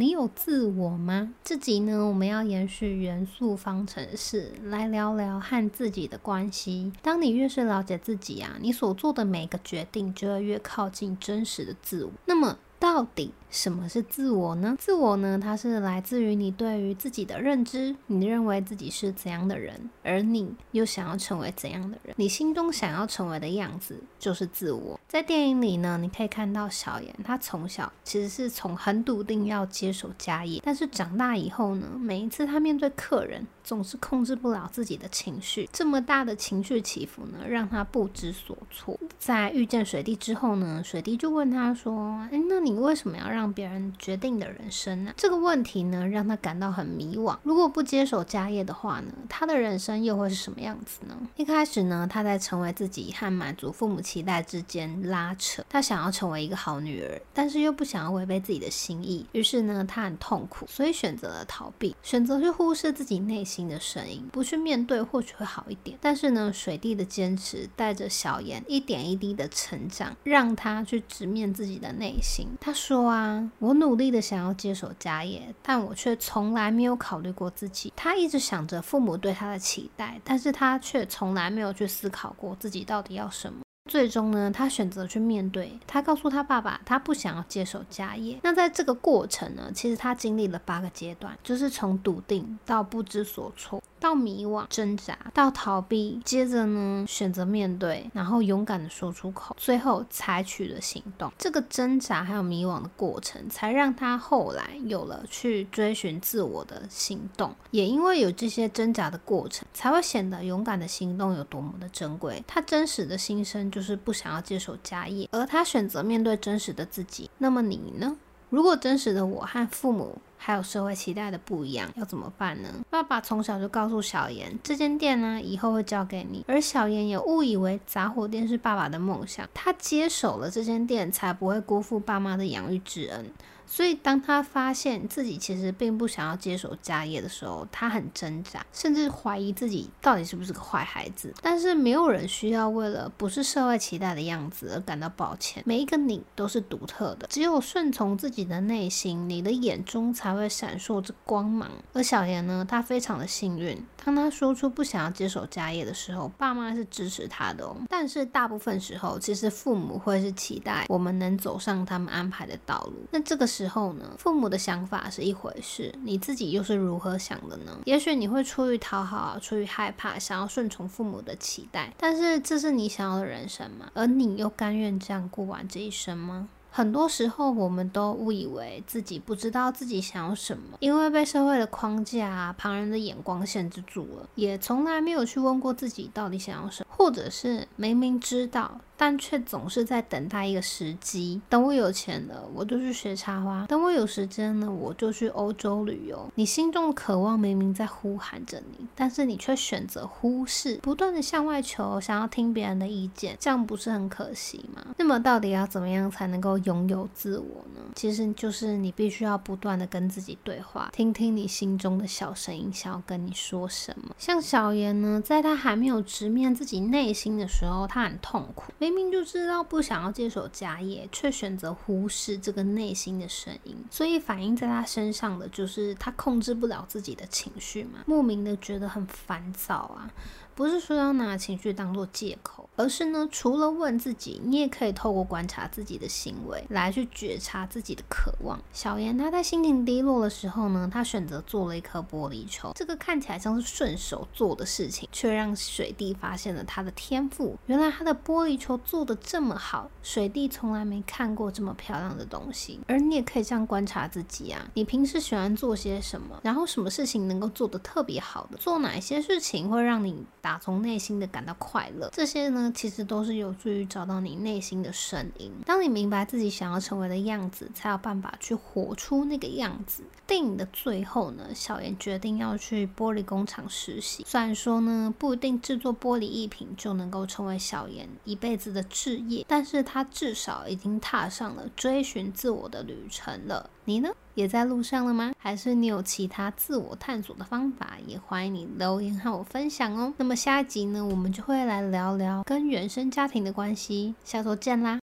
你有自我嗎？這集呢，我們要延續元素方城市，來聊聊和自己的關係。當你越是了解自己呀、啊，你所做的每個決定就會越靠近真實的自我。那麼。到底什麼是自我呢？自我呢，它是來自於你對於自己的認知，你認為自己是怎樣的人，而你又想要成為怎樣的人？你心中想要成為的樣子就是自我。在電影裡呢，你可以看到小妍，她從小其實是從很篤定要接手家業，但是長大以後呢，每一次她面對客人，總是控制不了自己的情緒，這麼大的情緒起伏呢，讓她不知所措。在遇見水滴之後呢，水滴就問她說：“哎，那你？”你為什麼要讓別人決定的人生呢、啊？這個問題呢，讓他感到很迷惘。如果不接手家業的話呢，他的人生又會是什麼樣子呢？一開始呢，他在成為自己和滿足父母期待之間拉扯。他想要成為一個好女兒，但是又不想要違背自己的心意。於是呢，他很痛苦，所以選擇了逃避，選擇去忽視自己內心的聲音，不去面對，或許會好一點。但是呢，水弟的堅持，帶着小妍一點一滴的成長，讓他去直面自己的內心。他說啊，我努力的想要接手家業，但我卻從來沒有考慮過自己。他一直想着父母對他的期待，但是他卻從來沒有去思考過自己到底要什麼。最終呢，他選擇去面對。他告訴他爸爸，他不想要接手家業。那在這個過程呢，其實他經歷了八個階段，就是從篤定到不知所措，到迷惘掙扎，到逃避，接着呢選擇面對，然後勇敢的說出口，最後採取了行動。這個掙扎還有迷惘的過程，才讓他後來有了去追尋自我的行動。也因為有這些掙扎的過程，才會顯得勇敢的行動有多麼的珍貴。他真實的心聲就。就是不想要接手家業，而他選擇面對真實的自己。那麼你呢？如果真實的我和父母還有社會期待的不一樣，要怎麼辦呢？爸爸從小就告訴小炎，這間店呢，以後會交給你。而小炎也誤以為雜貨店是爸爸的夢想，他接手了這間店，才不會辜負爸媽的養育之恩。所以，當他發現自己其實並不想要接手家業的時候，他很掙扎，甚至懷疑自己到底是不是個壞孩子。但是，沒有人需要為了不是社會期待的樣子而感到抱歉。每一個你都是獨特的，只有順從自己的內心，你的眼中才。還會閃爍着光芒，而小炎呢，她非常的幸運。當她說出不想要接手家業的時候，爸媽是支持她的哦。但是大部分時候，其實父母會是期待我們能走上他們安排的道路。那這個時候呢，父母的想法是一回事，你自己又是如何想的呢？也許你會出於討好，出於害怕，想要順從父母的期待。但是這是你想要的人生嗎？而你又甘願這樣過完這一生嗎？很多時候，我們都誤以為自己不知道自己想要什麼，因為被社會的框架啊、旁人的眼光限制住了，也從來沒有去問過自己到底想要什麼，或者是明明知道，但卻總是在等待一個時機。等我有錢了，我就去學插花；等我有時間了，我就去歐洲旅遊。你心中的渴望明明在呼喊着你，但是你卻選擇忽視，不斷的向外求，想要聽別人的意見，這樣不是很可惜嗎？那麼到底要怎麼樣才能夠？擁有自我呢，其實就是你必須要不斷的跟自己對話，聽聽你心中的小聲音想要跟你說什麼。像小炎呢，在他還沒有直面自己內心的時候，他很痛苦，明明就知道不想要接手家業，卻選擇忽視這個內心的聲音，所以反映在他身上的就是他控制不了自己的情緒嘛，莫名的覺得很煩躁啊，不是說要拿情緒當作借口。而是呢，除了問自己，你也可以透過觀察自己的行為來去覺察自己的渴望。小嚴他在心情低落的時候呢，他選擇做了一顆玻璃球。這個看起來像是順手做的事情，卻讓水弟發現了他的天賦。原來他的玻璃球做得這麼好，水弟從來沒看過這麼漂亮的東西。而你也可以這樣觀察自己啊，你平時喜歡做些什麼？然後什麼事情能夠做得特別好的，的做哪一些事情會讓你打從內心的感到快樂？這些呢？其實都是有助於找到你內心的聲音。當你明白自己想要成為的樣子，才有辦法去活出那個樣子。電影的最後呢，小炎決定要去玻璃工廠實習。雖然說呢，不一定制作玻璃藝品就能夠成為小炎一輩子的志業，但是他至少已經踏上了追尋自我的旅程了。你呢？也在路上了嗎？還是你有其他自我探索的方法？也歡迎你留言和我分享哦。那麼下一集呢，我們就會來聊聊跟原生家庭的關係。下周見啦！